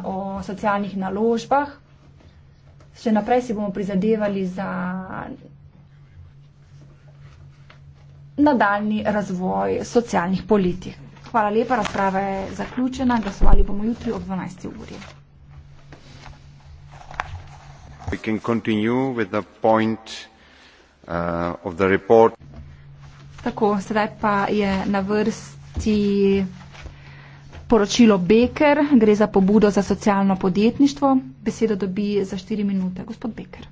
o socialnih naložbah. Še naprej si bomo prizadevali za nadaljni razvoj socialnih politik. Hvala lepa, razprava je zaključena. Glasovali bomo jutri ob 12. uri. We can continue with the point uh, of the report. Tako, sedaj pa je na vrsti poročilo Beker, gre za pobudo za socialno podjetništvo. Besedo dobi za štiri minute gospod Beker.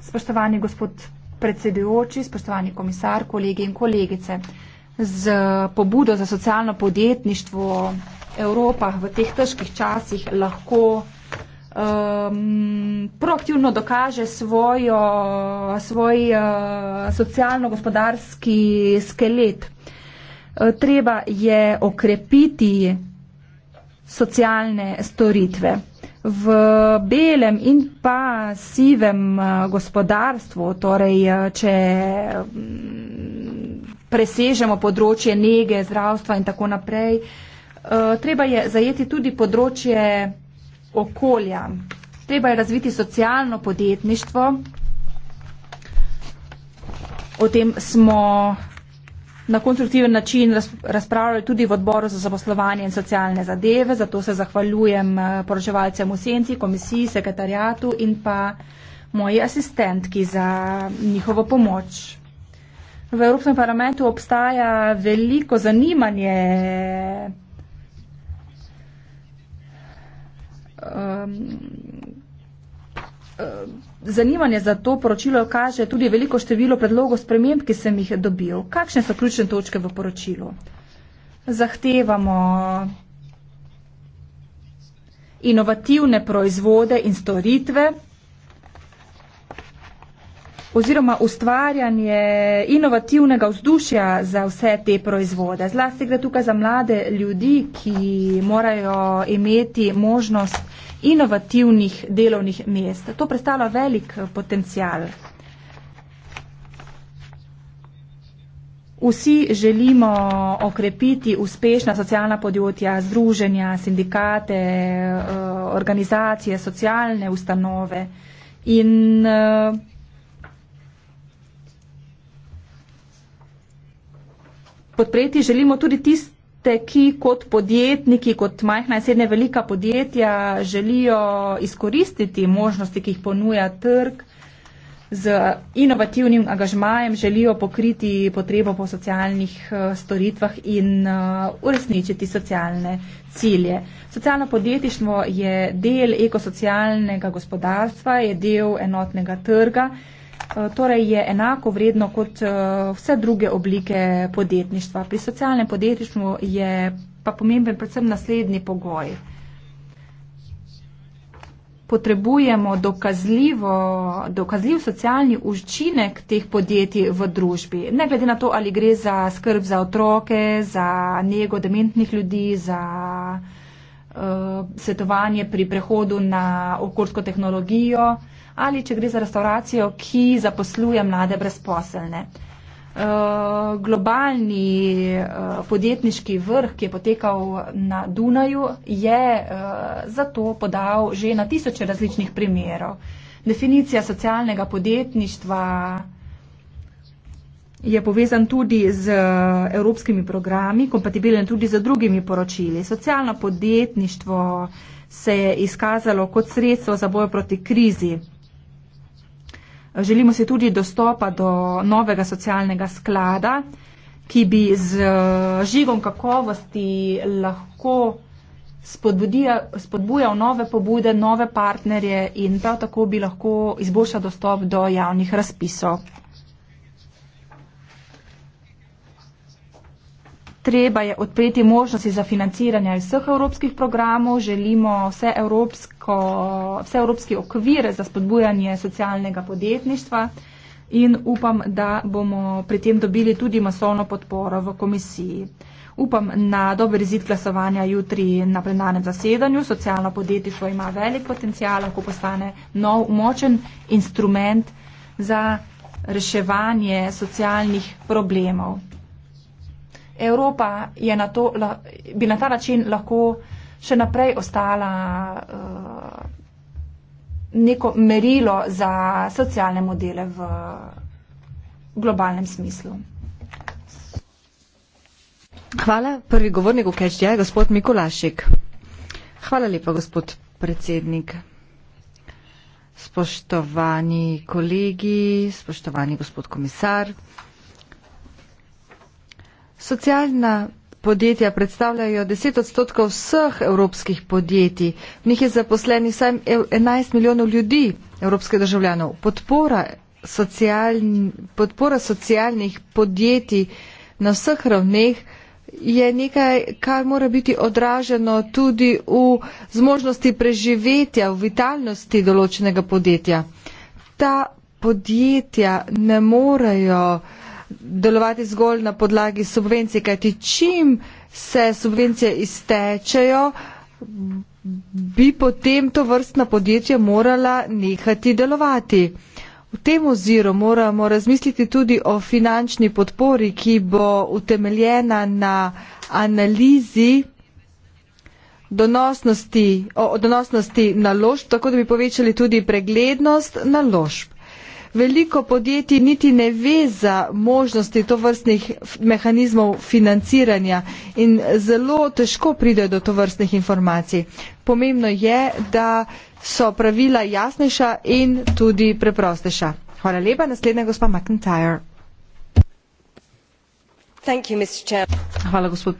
Spoštovani gospod predsedujoči, spoštovani komisar, kolegi in kolegice. Z pobudo za socialno podjetništvo Evropa v teh težkih časih lahko um, proaktivno dokaže svojo, svoj uh, socialno-gospodarski skelet. Eh, treba je okrepiti socialne storitve. V belem in pa sivem eh, gospodarstvu, torej eh, če mm, presežemo področje nege, zdravstva in tako naprej, treba je zajeti tudi področje okolja. Treba je razviti socialno podjetništvo. O tem smo na konstruktiven način razpravljali tudi v odboru za zaposlovanje in socialne zadeve, zato se zahvaljujem eh, poročevalcem v senci, komisiji, sekretarjatu in pa moji asistentki za njihovo pomoč. V Evropskem parlamentu obstaja veliko zanimanje um, um, Zanimanje za to poročilo kaže tudi veliko število predlogov sprememb, ki sem jih dobil. Kakšne so ključne točke v poročilu? Zahtevamo inovativne proizvode in storitve oziroma ustvarjanje inovativnega vzdušja za vse te proizvode. Zlasti gre tukaj za mlade ljudi, ki morajo imeti možnost inovativnih delovnih mest. To predstavlja velik eh, potencial. Vsi želimo okrepiti uspešna socialna podjetja, združenja, sindikate, eh, organizacije, socialne ustanove in eh, podpreti želimo tudi tiste, te, ki kot podjetniki, kot majhna in srednja velika podjetja želijo izkoristiti možnosti, ki jih ponuja trg, z inovativnim angažmajem želijo pokriti potrebo po socialnih eh, storitvah in eh, uresničiti socialne cilje. Socialno podjetništvo je del ekosocialnega gospodarstva, je del enotnega trga. Eh, torej je enako vredno kot eh, vse druge oblike podjetništva. Pri socialnem podjetništvu je pa pomemben predvsem naslednji pogoj. Potrebujemo dokazljiv socialni učinek teh podjetij v družbi. Ne glede na to, ali gre za skrb za otroke, za njego dementnih ljudi, za uh, svetovanje pri prehodu na okoljsko tehnologijo. Uh, ali če gre za restauracijo, ki zaposluje mlade brezposelne. Eh, globalni eh, podjetniški vrh, ki je potekal na Dunaju, je eh, zato podal že na tisoče različnih primerov. Definicija socialnega podjetništva je povezan tudi z evropskimi programi, kompatibilen tudi z drugimi poročili. Socialno podjetništvo se je izkazalo kot sredstvo za bojo proti krizi. Želimo si tudi dostopa do novega socialnega sklada, ki bi z eh, žigom kakovosti lahko spodbujal nove pobude, nove partnerje in prav tako bi lahko izboljšal dostop do javnih razpisov. Treba je odpreti možnosti za financiranje vseh evropskih programov, želimo vse, evropsko, vse evropski okvir za spodbujanje socialnega podjetništva in upam, da bomo pri tem dobili tudi masovno podporo v komisiji. Upam na dober izid glasovanja jutri na plenarnem zasedanju. Socialno podjetništvo ima velik potencial, lahko postane nov močen instrument za reševanje socialnih problemov. Evropa na to, la, bi na ta način lahko še naprej ostala uh, neko merilo za socialne modele v globalnem smislu. Hvala. Prvi govornik v Kešti je gospod Mikulašik. Hvala lepa, gospod predsednik. Spoštovani kolegi, spoštovani gospod komisar. Socialna podjetja predstavljajo 10 odstotkov vseh evropskih podjetij. V njih je zaposleni vsaj 11 milijonov ljudi, evropskih državljanov. Podpora, socialni, podpora socialnih podjetij na vseh ravneh je nekaj, kar mora biti odraženo tudi v zmožnosti preživetja, v vitalnosti določenega podjetja. Ta podjetja ne morejo uh, delovati zgolj na podlagi subvencij, kajti čim se subvencije iztečejo, bi potem to vrstna podjetja morala nehati delovati. V tem oziru moramo razmisliti tudi o finančni podpori, ki bo utemeljena na analizi donosnosti, o donosnosti naložb, tako da bi povečali tudi preglednost naložb veliko podjetij niti ne ve za možnosti to vrstnih mehanizmov financiranja in zelo težko pridejo do to vrstnih informacij. Pomembno je, da so pravila jasnejša in tudi preprostejša. Hvala lepa, naslednja gospa McIntyre. Hvala, gospod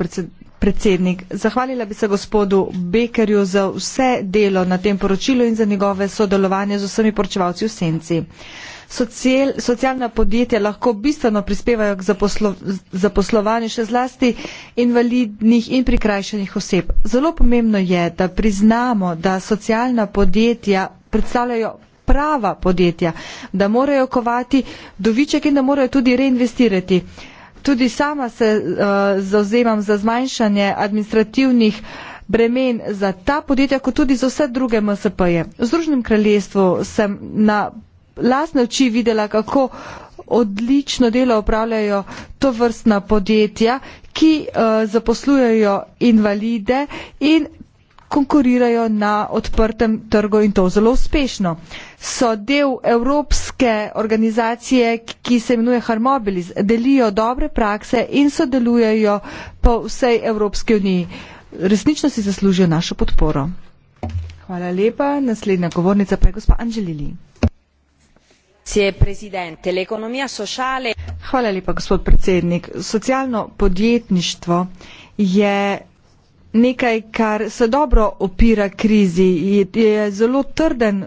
predsednik. Zahvalila bi se gospodu Bekerju za vse delo na tem poročilu in za njegove sodelovanje z vsemi poročevalci v senci. Social, socialna podjetja lahko bistveno prispevajo k zaposlo, zaposlovanju še zlasti invalidnih in prikrajšanih oseb. Zelo pomembno je, da priznamo, da socialna podjetja predstavljajo prava podjetja, da morajo kovati doviček in da morajo tudi reinvestirati. Tudi sama se uh, eh, zauzemam za zmanjšanje administrativnih bremen za ta podjetja, kot tudi za vse druge MSP-je. V Združenem kraljestvu sem na lastne oči videla, kako odlično delo upravljajo to vrstna podjetja, ki uh, zaposlujejo invalide in konkurirajo na odprtem trgu in to zelo uspešno. So del evropske organizacije, ki se imenuje Harmobilis, delijo dobre prakse in sodelujejo po vsej Evropski uniji. Resnično si zaslužijo našo podporo. Hvala lepa. Naslednja govornica pa je gospa Anželili. Hvala lepa, gospod predsednik. Socialno podjetništvo je nekaj, kar se dobro opira krizi, je, je zelo trden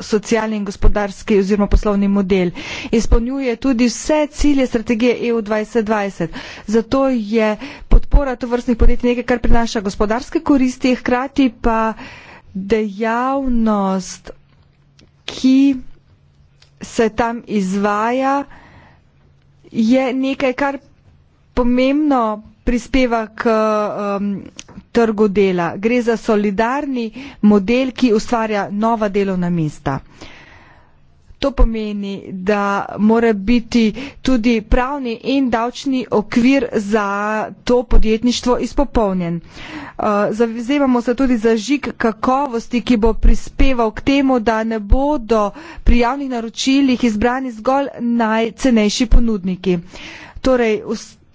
socialni in gospodarski oziroma poslovni model. Izpolnjuje tudi vse cilje strategije EU 2020. Zato je podpora to vrstnih podjetij nekaj, kar prinaša gospodarske koristi, hkrati pa dejavnost, ki se tam izvaja, je nekaj, kar pomembno prispeva k um, trgu dela. Gre za solidarni model, ki ustvarja nova delovna mesta. To pomeni, da mora biti tudi pravni in davčni okvir za to podjetništvo izpopolnjen. Uh, zavzemamo se tudi za žig kakovosti, ki bo prispeval k temu, da ne bodo pri javnih naročilih izbrani zgolj najcenejši ponudniki. Torej,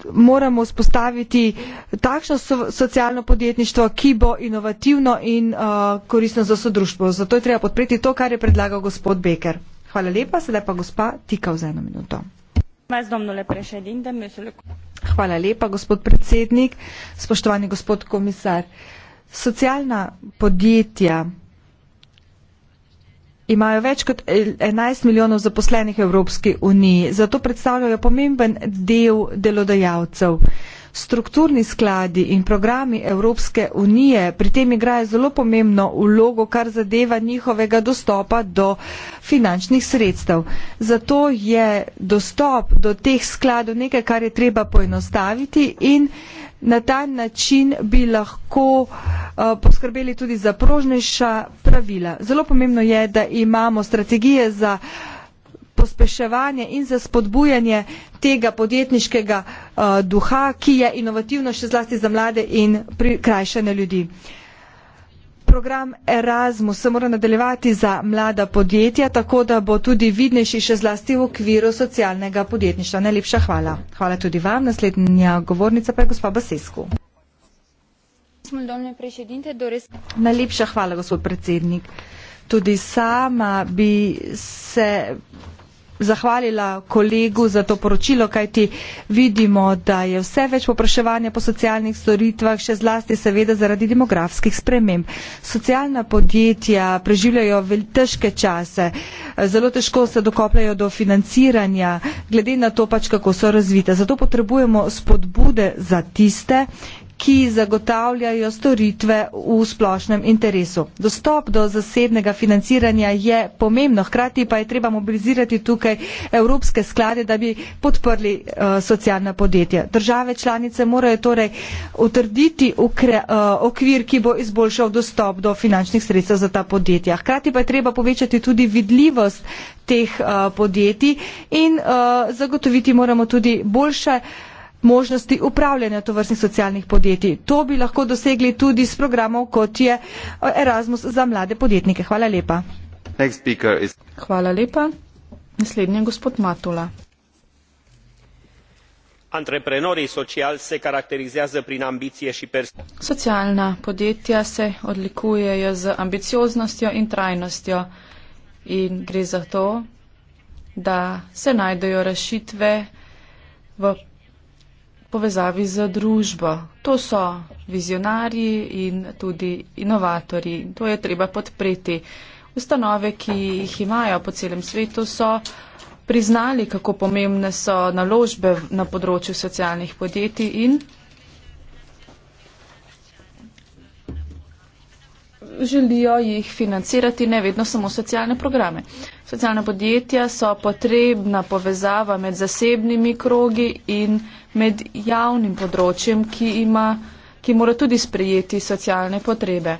moramo spostaviti takšno so, socialno podjetništvo, ki bo inovativno in uh, koristno za sodružbo. Zato je treba podpreti to, kar je predlagal gospod Beker. Hvala lepa, sedaj pa gospa Tika v eno minuto. Hvala lepa, gospod predsednik, spoštovani gospod komisar. Socialna podjetja imajo več kot 11 milijonov zaposlenih v Evropski uniji, zato predstavljajo pomemben del delodajalcev. Strukturni skladi in programi Evropske unije pri tem igrajo zelo pomembno vlogo, kar zadeva njihovega dostopa do finančnih sredstev. Zato je dostop do teh skladov nekaj, kar je treba poenostaviti in uh, Na ta način bi lahko uh, poskrbeli tudi za prožnejša pravila. Zelo pomembno je, da imamo strategije za pospeševanje in za spodbujanje tega podjetniškega uh, duha, ki je inovativno še zlasti za mlade in prikrajšane ljudi. Uh, Program Erasmus se mora nadaljevati za mlada podjetja, tako da bo tudi vidnejši še zlasti v okviru socialnega podjetništva. Najlepša hvala. Hvala tudi vam. Naslednja govornica pa je gospa Basesku. Najlepša hvala, gospod predsednik. Tudi sama bi se zahvalila kolegu za to poročilo, kajti vidimo, da je vse več popraševanja po socialnih storitvah, še zlasti seveda zaradi demografskih sprememb. Socialna podjetja preživljajo težke čase, zelo težko se dokopljajo do financiranja, glede na to pač, kako so razvite. Zato potrebujemo spodbude za tiste, ki zagotavljajo storitve v splošnem interesu. Dostop do zasebnega financiranja je pomembno, hkrati pa je treba mobilizirati tukaj evropske sklade, da bi podprli uh, socialna podjetja. Države članice morajo torej utrditi ukre, uh, okvir, ki bo izboljšal dostop do finančnih sredstev za ta podjetja. Hkrati pa je treba povečati tudi vidljivost teh uh, podjetij in uh, zagotoviti moramo tudi boljše možnosti upravljanja tovrstnih socialnih podjetij. To bi lahko dosegli tudi s programom, kot je eh, Erasmus za mlade podjetnike. Hvala lepa. Hvala lepa. Naslednji je gospod Matula. Socialna podjetja se odlikujejo z ambicioznostjo in trajnostjo in gre za to, da se najdejo rešitve v povezavi z družbo. To so vizionarji in tudi inovatorji. To je treba podpreti. Ustanove, ki jih imajo po celem svetu, so priznali, kako pomembne so naložbe na področju socialnih podjetij in želijo jih financirati ne vedno samo socialne programe. Socialna podjetja so potrebna povezava med zasebnimi krogi in med javnim področjem, ki, ima, ki mora tudi sprejeti socialne potrebe.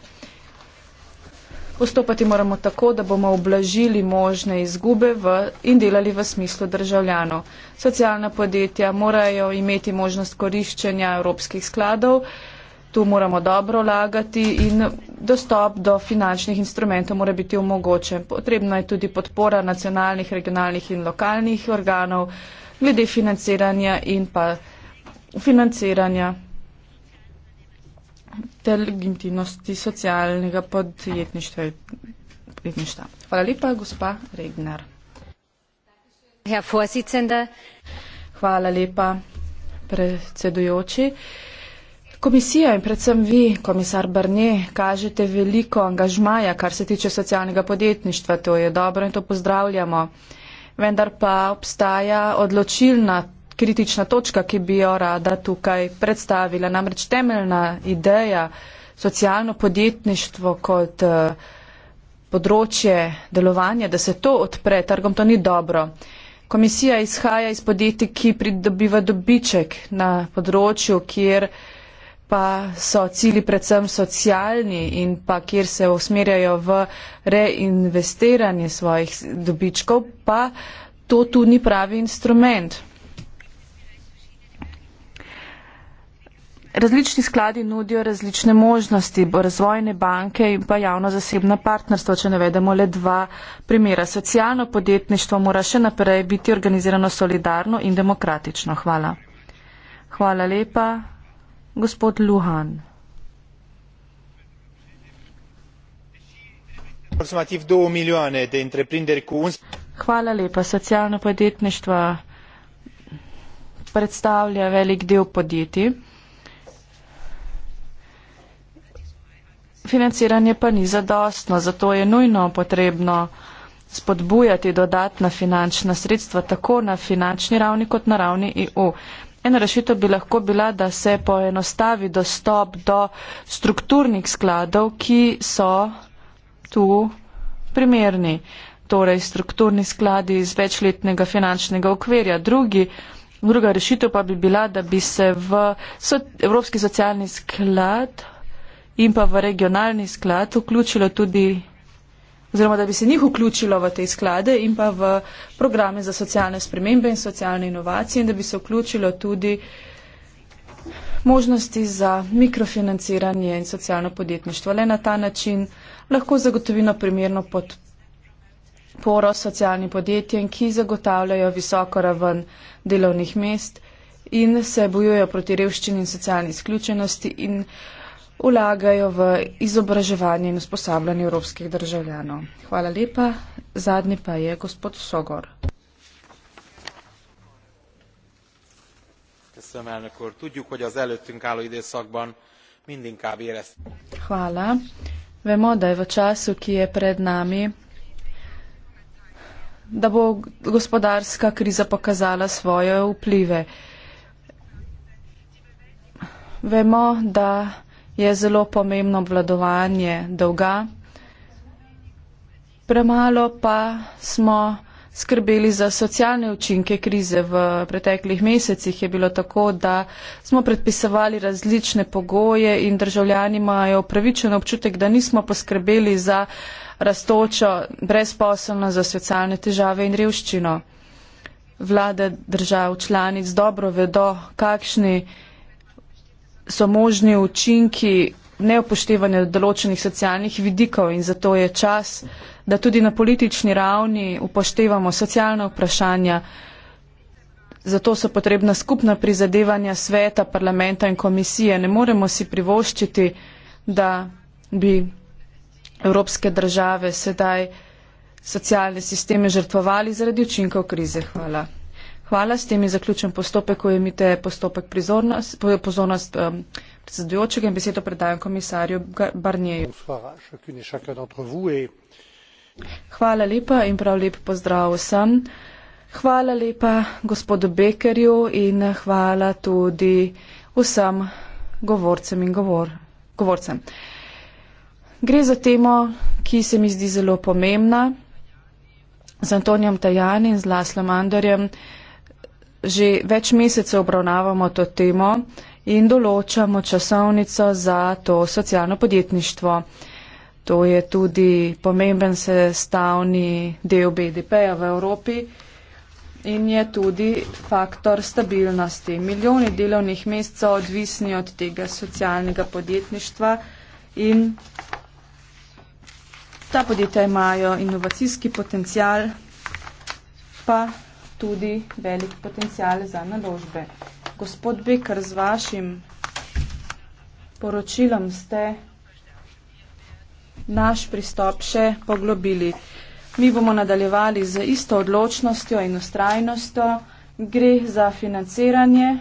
Postopati moramo tako, da bomo oblažili možne izgube v, in delali v smislu državljanov. Socialna podjetja morajo imeti možnost koriščenja evropskih skladov, tu moramo dobro lagati in dostop do finančnih instrumentov mora biti omogočen. Potrebna je tudi podpora nacionalnih, regionalnih in lokalnih organov glede financiranja in pa financiranja telegintivnosti socialnega podjetništva. podjetništva. Hvala lepa, gospa Regner. Hvala lepa, predsedujoči. Komisija in predvsem vi, komisar Barnet, kažete veliko angažmaja, kar se tiče socialnega podjetništva. To je dobro in to pozdravljamo. Vendar pa obstaja odločilna kritična točka, ki bi jo rada tukaj predstavila. Namreč temeljna ideja socialno podjetništvo kot eh, področje delovanja, da se to odpre trgom, to ni dobro. Komisija izhaja iz podjetij, ki pridobiva dobiček na področju, kjer pa so cili predvsem socialni in pa kjer se usmerjajo v reinvestiranje svojih dobičkov, pa to tu ni pravi instrument. Različni skladi nudijo različne možnosti, bo razvojne banke in pa javno-zasebna partnerstva, če navedemo le dva primera. Socialno podjetništvo mora še naprej biti organizirano solidarno in demokratično. Hvala. Hvala lepa gospod Luhan. Hvala lepa. Socialno podjetništvo predstavlja velik del podjetij. Financiranje pa ni zadostno, zato je nujno potrebno spodbujati dodatna finančna sredstva tako na finančni ravni kot na ravni EU. Ena rešitev bi lahko bila, da se poenostavi dostop do strukturnih skladov, ki so tu primerni. Torej, strukturni skladi iz večletnega finančnega okvirja. Drugi, druga rešitev pa bi bila, da bi se v so, Evropski socialni sklad in pa v regionalni sklad vključilo tudi oziroma da bi se njih vključilo v te sklade in pa v programe za socialne spremembe in socialne inovacije in da bi se vključilo tudi možnosti za mikrofinanciranje in socialno podjetništvo. Le na ta način lahko zagotovimo primerno podporo socialnim podjetjem, ki zagotavljajo visoko raven delovnih mest in se bojujo proti revščini in socialni izključenosti in uh, vlagajo v izobraževanje in usposabljanje evropskih državljanov. Hvala lepa. Zadnji pa je gospod Sogor. Hvala. Vemo, da je v času, ki je pred nami, da bo gospodarska kriza pokazala svoje vplive. Vemo, da je zelo pomembno obvladovanje dolga. Premalo pa smo skrbeli za socialne učinke krize. V preteklih mesecih je bilo tako, da smo predpisovali različne pogoje in državljani imajo pravičen občutek, da nismo poskrbeli za rastočo brezposobnost, za socialne težave in revščino. Vlade držav članic dobro vedo, kakšni so možni učinki neopoštevanja določenih socialnih vidikov in zato je čas, da tudi na politični ravni upoštevamo socialna vprašanja. Zato so potrebna skupna prizadevanja sveta, parlamenta in komisije. Ne moremo si privoščiti, da bi evropske države sedaj socialne sisteme žrtvovali zaradi učinkov krize. Hvala. Hvala, s tem je zaključen postopek, ko imite postopek prizornost, pozornost um, predsedujočega in besedo predajam komisarju Barnieju. Hvala lepa in prav lep pozdrav vsem. Hvala lepa gospodu Bekerju in hvala tudi vsem govorcem in govor, govorcem. Gre za temo, ki se mi zdi zelo pomembna, z Antonijem Tajani in z Laslom Andorjem. Že več mesecev obravnavamo to temo in določamo časovnico za to socialno podjetništvo. To je tudi pomemben sestavni del BDP-ja v Evropi in je tudi faktor stabilnosti. Milijoni delovnih mest so odvisni od tega socialnega podjetništva in ta podjetja imajo inovacijski potencial pa tudi velik potencial za naložbe. Gospod Bekr, z vašim poročilom ste naš pristop še poglobili. Mi bomo nadaljevali z isto odločnostjo in ustrajnostjo. Gre za financiranje.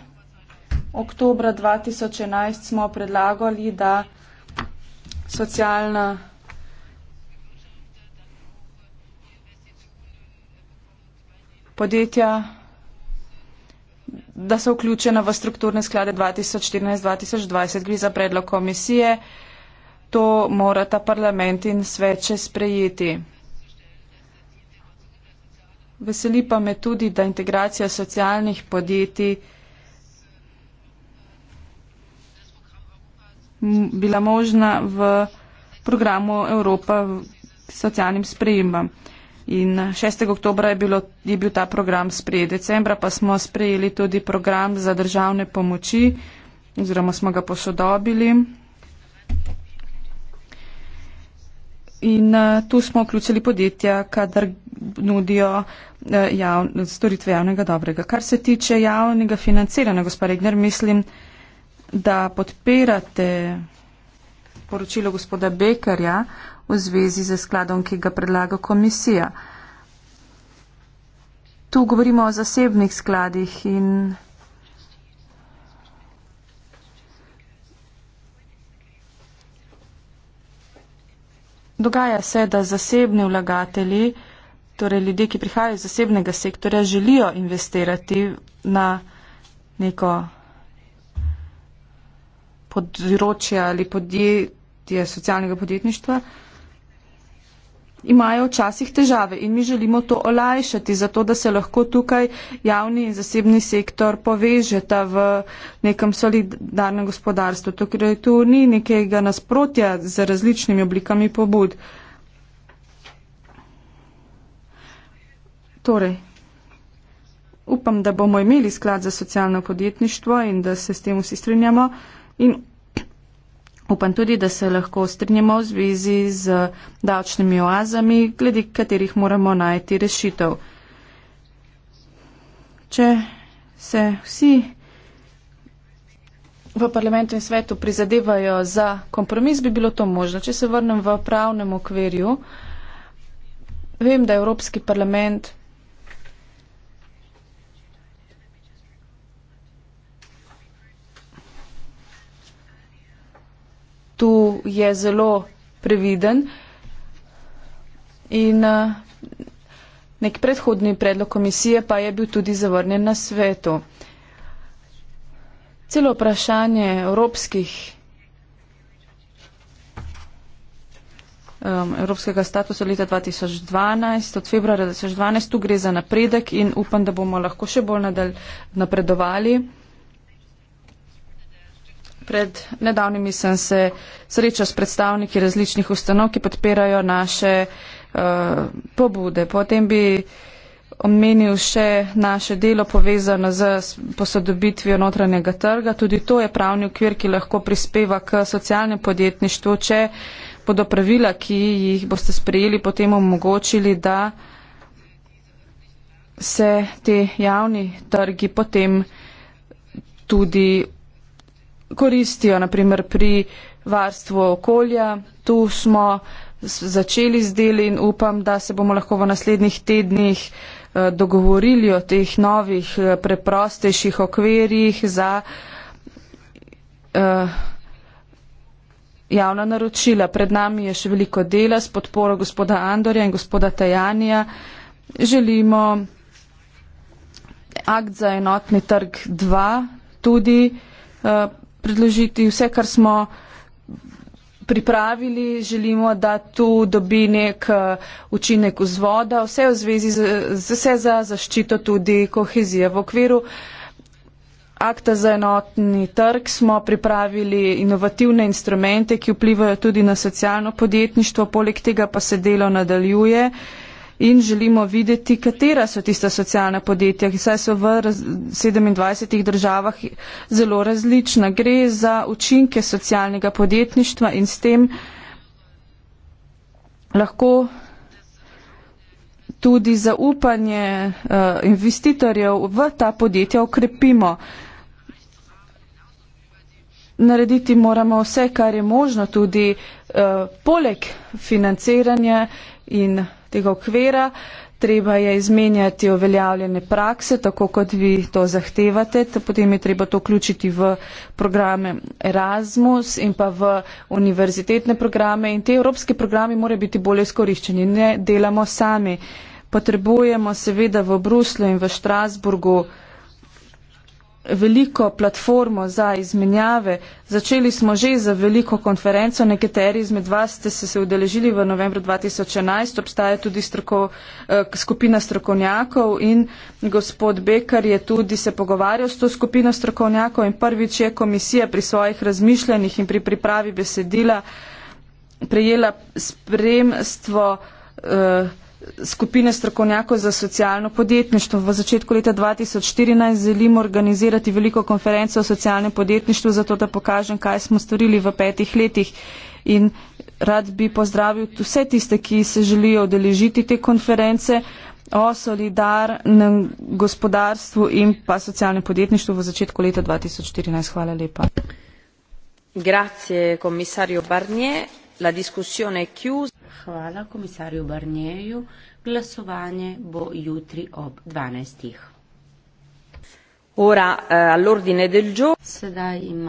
Oktober 2011 smo predlagali, da socialna podjetja, da so vključena v strukturne sklade 2014-2020. Gre za predlog komisije. To morata parlament in sveče sprejeti. Veseli pa me tudi, da integracija socialnih podjetij bila možna v programu Evropa socialnim sprejembam. In 6. oktober je, bilo, je bil ta program sprejet. Decembra pa smo sprejeli tudi program za državne pomoči oziroma smo ga posodobili. In uh, tu smo vključili podjetja, kadar nudijo uh, jav, storitve javnega dobrega. Kar se tiče javnega financiranja, gospod Regner, mislim, da podpirate poročilo gospoda Bekerja v zvezi z skladom, ki ga predlaga komisija. Tu govorimo o zasebnih skladih in dogaja se, da zasebni vlagatelji, torej ljudje, ki prihajajo iz zasebnega sektorja, želijo investirati na neko področja ali podjetje socialnega podjetništva, imajo včasih težave in mi želimo to olajšati, zato da se lahko tukaj javni in zasebni sektor povežeta v nekem solidarnem gospodarstvu. Tukaj tu ni nekega nasprotja z različnimi oblikami pobud. Torej, upam, da bomo imeli sklad za socialno podjetništvo in da se s tem vsi strinjamo in upam tudi, da se lahko strinjamo v zvezi z davčnimi oazami, glede katerih moramo najti rešitev. Če se vsi v parlamentu in svetu prizadevajo za kompromis, bi bilo to možno. Če se vrnem v pravnem okvirju, vem, da Evropski parlament tu je zelo previden. In eh, nek predhodni predlog komisije pa je bil tudi zavrnjen na svetu. Celo vprašanje evropskih, um, evropskega statusa leta 2012, od februarja 2012, tu gre za napredek in upam, da bomo lahko še bolj nadal, napredovali. Pred nedavnimi sem se srečal s predstavniki različnih ustanov, ki podpirajo naše uh, pobude. Potem bi omenil še naše delo povezano z posodobitvijo notranjega trga. Tudi to je pravni okvir, ki lahko prispeva k socialnem podjetništvu, če bodo pravila, ki jih boste sprejeli, potem omogočili, da se te javni trgi potem tudi koristijo, naprimer pri varstvu okolja. Tu smo začeli z deli in upam, da se bomo lahko v naslednjih tednih eh, dogovorili o teh novih, eh, preprostejših okvirjih za eh, javna naročila. Pred nami je še veliko dela s podporo gospoda Andorja in gospoda Tajanja. Želimo akt za enotni trg 2 tudi predložiti vse, kar smo pripravili, želimo, da tu dobi nek eh, učinek vzvoda, vse v zvezi z, vse za zaščito tudi kohezije. V okviru akta za enotni trg smo pripravili inovativne instrumente, ki vplivajo tudi na socialno podjetništvo, poleg tega pa se delo nadaljuje. Uh, in želimo videti, katera so tista socialna podjetja, ki saj so v 27 državah zelo različna. Gre za učinke socialnega podjetništva in s tem lahko tudi zaupanje uh, investitorjev v ta podjetja ukrepimo. Narediti moramo vse, kar je možno, tudi uh, poleg financiranja in tega okvira, treba je izmenjati uveljavljene prakse, tako kot vi to zahtevate, potem je treba to vključiti v programe Erasmus in pa v univerzitetne programe in te evropske programe morajo biti bolje skoriščeni. Ne delamo sami. Potrebujemo seveda v Bruslu in v Štrasburgu veliko platformo za izmenjave. Začeli smo že za veliko konferenco, nekateri izmed vas ste se, se udeležili v novembru 2011, obstaja tudi strko, eh, skupina strokovnjakov in gospod Bekar je tudi se pogovarjal s to skupino strokovnjakov in prvič je komisija pri svojih razmišljanjih in pri pripravi besedila prejela spremstvo eh, skupine strokovnjakov za socialno podjetništvo. V začetku leta 2014 želim organizirati veliko konferenco o socialnem podjetništvu, zato da pokažem, kaj smo storili v petih letih. In rad bi pozdravil vse tiste, ki se želijo odeležiti te konference o solidarnem gospodarstvu in pa socialnem podjetništvu v začetku leta 2014. Hvala lepa. Grazie, komisarju Barnier. La discussione è chiusa. Hvala komisarju Barnieju. Glasovanje bo jutri ob 12. Ora eh, all'ordine del giorno.